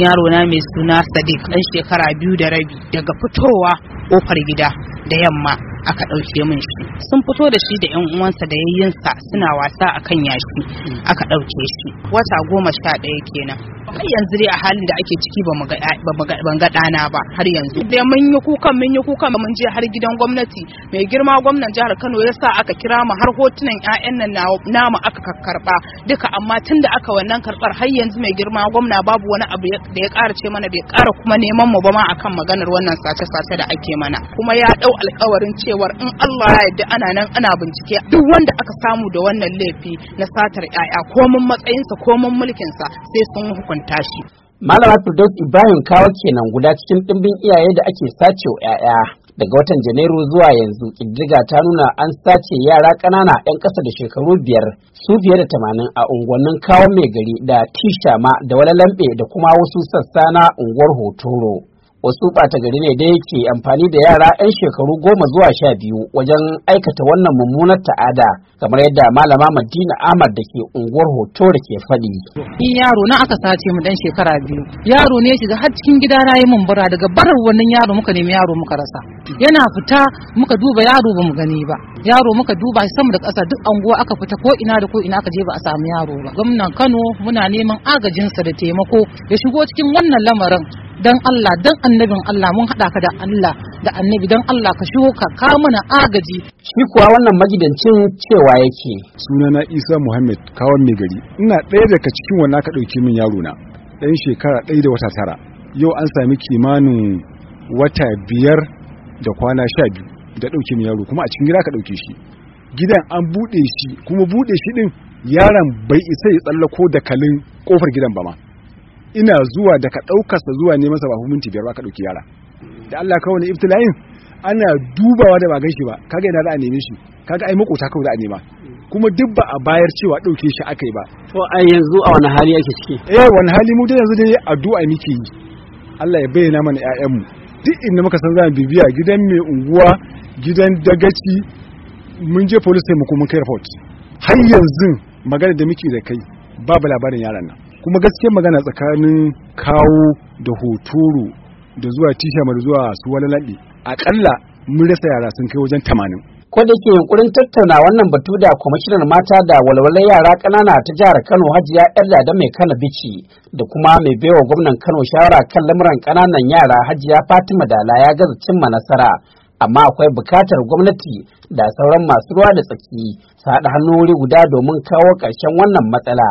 yaro na mai suna sadiq dan shekara biyu da rabi daga fitowa kofar gida da yamma aka ɗauke min shi sun fito da shi da yan uwansa da yayyinsa suna wasa akan yashi aka ɗauke shi wata goma sha ɗaya kenan har yanzu dai a halin da ake ciki ba ban ga ɗana ba har yanzu dai mun yi kukan mun yi kukan mun je har gidan gwamnati mai girma gwamnan jihar Kano ya sa aka kira mu har hotunan ƴaƴan nan namu aka karkarba duka amma tun da aka wannan karbar har yanzu mai girma gwamna babu wani abu da ya ƙara ce mana bai ƙara kuma neman mu ba ma akan maganar wannan sace-sace da ake mana kuma ya ɗau alƙawarin ce cewar in Allah ya yarda ana nan ana bincike duk wanda aka samu da wannan laifi na satar 'ya'ya komin matsayinsa komin mulkinsa sai sun hukunta shi Malama Firdaus Ibrahim kawo kenan guda cikin ɗimbin iyaye da ake sace wa 'ya'ya. Daga watan Janairu zuwa yanzu ƙididdiga ta nuna an sace yara ƙanana 'yan ƙasa da shekaru biyar su fiye da tamanin a unguwannin kawo mai gari da tishama da walalambe da kuma wasu sassa na unguwar hotoro. wasu bata gari ne da yake amfani da yara 'yan shekaru goma zuwa sha biyu wajen aikata wannan mummunar ta'ada kamar yadda malama madina ahmad da ke unguwar hoto da ke faɗi. in yaro na aka sace mu dan shekara biyu yaro ne shiga har cikin gida na yi bura daga barar wannan yaro muka nemi yaro muka rasa yana fita muka duba yaro ba mu gani ba yaro muka duba sama da ƙasa duk anguwa aka fita ko ina da ko ina aka je ba a samu yaro ba gwamnan kano muna neman agajinsa da taimako ya shigo cikin wannan lamarin dan Allah dan annabin Allah mun haɗa ka da Allah da annabi dan Allah ka shigo ka ka mana agaji shi kuwa wannan magidancin cewa yake sunana Isa Muhammad kawon mai gari ina ɗaya daga cikin wannan ka ɗauki min yaro na ɗan shekara ɗaya da wata tara yau an sami kimanin wata biyar da kwana sha biyu da ɗauke min yaro kuma a cikin gida ka ɗauke shi gidan an buɗe shi kuma buɗe shi ɗin yaron bai isa ya tsallako da kalin ƙofar gidan ba ma ina zuwa da ka ɗaukarsa zuwa ne masa ba fi minti biyar ba ka ɗauki yara da Allah kawo ne ibtila'in ana dubawa da ba shi ba kaga ina za a neme shi kaga ai makota kawai za a nema kuma duk ba a bayar cewa ɗauke shi aka yi ba to a yanzu a wani hali ake ciki eh wani hali mu dai yanzu dai addu'a muke yi Allah ya bayyana mana ƴaƴanmu duk inda muka san za mu bibiya gidan mai unguwa gidan dagaci mun je police sai mu kuma kai report har yanzu magana da muke da kai babu labarin yaran nan kuma gaske magana tsakanin kawo da Huturu da zuwa tishama da zuwa su wani laɗi aƙalla mun rasa yara sun kai wajen tamanin ke yunkurin tattauna wannan batu da kwamishinar mata da walwalar yara ƙanana ta jihar kano hajiya yar da mai kana bici da kuma mai baiwa gwamnan kano shawara kan lamuran ƙananan yara hajiya fatima dala ya gaza cimma nasara amma akwai bukatar gwamnati da sauran masu ruwa da tsaki su haɗa hannu wuri guda domin kawo ƙarshen wannan matsala